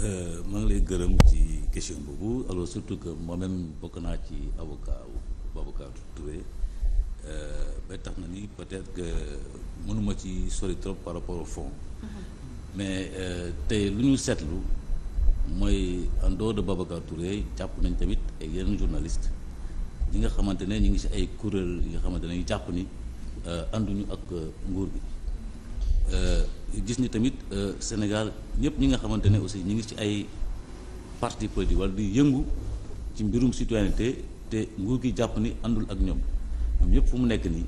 Euh, maa ngi lay gërëm ci question boobu alors surtout que moi-même bokk naa ci avocat wu Babacar Touré euh, ba tax na ni peut-être que mënuma ci sori trop par rapport au fond. Mm-hmm. mais euh, tey lu ñu seetlu mooy en de Babacar Touré jàpp nañ tamit ay yeneen journaliste ñi nga xamante ne ñu ngi si ay kuréel yi nga xamante ne ñu jàpp ni ànduñu ak nguur gi. gis ni tamit euh, Sénégal ñëpp ñi nga xamante ne aussi ñi ngi ci ay parti politique wala du yëngu ci mbirum citoyenneté te nguur gi jàpp ni àndul ak ñoom ñoom ñëpp fu mu nekk nii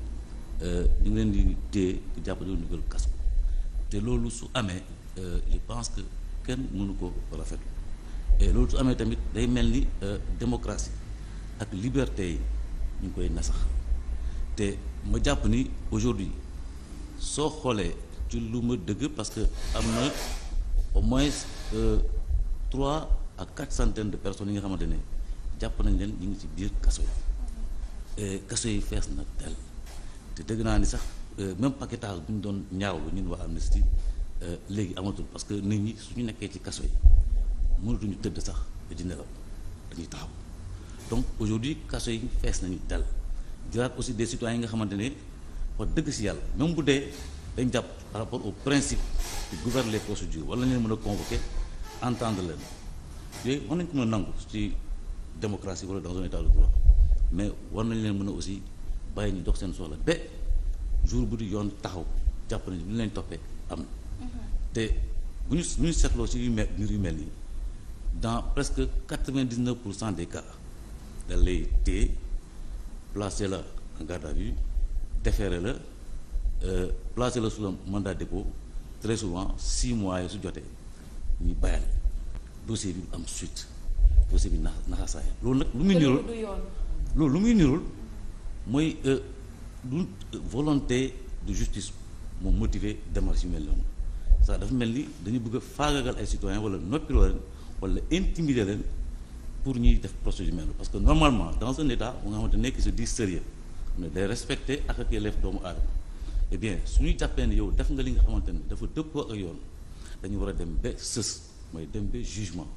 euh, ñu ngi leen di téye di jàpp di dugal kaso te loolu su amee euh, je pense que kenn mënu ko rafet et loolu su amee tamit day mel ni démocratie ak liberté yi ñu ngi koy nasax te ma jàpp ni aujourd'hui soo xoolee ci lu ma dëgg parce que am na au moins euh, trois ak quatre centaines de personnes yi nga xamante ne jàpp nañ leen ñu ngi ci biir kaso yi kaso yi fees nag tel te dëgg naa ni sax euh, même paquetage bu ñu doon ñaawlu ñun waa Amnesty euh, léegi amatul parce que nit ñi su ñu nekkee ci kaso yi mënatuñu tëdd sax di nelaw dañuy taxaw donc aujourd'hui kaso yi fees nañu tel jëlaat aussi des citoyens yi nga xamante ne wax dëgg si yàlla même bu dee dañ jàpp par rapport au principe qui gouverne les procédures wala leen mën a convoquer entendre leen yooyu war nañ ko mën a nangu ci démocratie wala dans un état de droit mais war nañ leen mën a aussi bàyyi ñu dox seen soxla ba jour bu di yoon taxaw jàpp nañ ñu leen toppee am na mhm. te bu ñu bu ñu mel mbir yu mel nii dans presque quatre-vingt-dix-neuf pour cent des cas dañ lay la en garde à la Euh, placer la sous mandat de dépôt très souvent six mois yi su jotee ñu bayal dossier bi am suite dossier bi naxa naxasaay loolu nag lu muy nirul loolu lu muy nirul mooy euh, du euh, volonté de justice moom motiver démarche yu mel noonu sax dafa mel ni dañu bëgg a faagagal ay citoyens wala noppiloo leen wala intimider leen pour ñuy def procédure mel parce que normalement dans un état bu nga xamante ne qui se dit sérieux ne day respecter ak ak yelleef doomu aadama eh bien suñuy jàppee ne yow def nga li nga xamante ne dafa dëppoo ak yoon dañu war a dem ba sës mooy dem ba jugement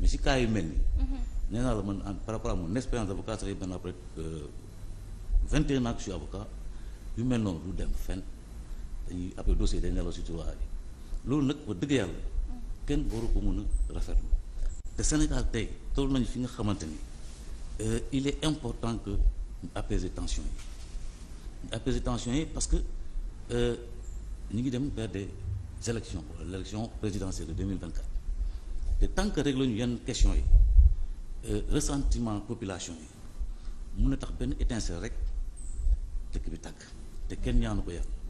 mais si cas yu mel ni mm-hmm. nee naa la man par rapport à mon expérience d'avocat ça fait maintenant après euh, vingt et un ans avocat yu mel noonu du dem fenn dañuy après dossier dañ nelaw si tiroir yi loolu nag ba dëgg yàlla mm-hmm. kenn waru ko mën a rafetlu te Sénégal tey toll nañu fi nga xamante ni euh, il est important que apaiser tension yi apaiser tension yi parce que euh, ñu ngi dem vers des élections wala l' élection présidentielle de 2024 te tant que réglé ñu yenn question yi euh, ressentiment population yi mun na tax benn étincelle rek dëkk bi takk te kenn ñaanu ko yàlla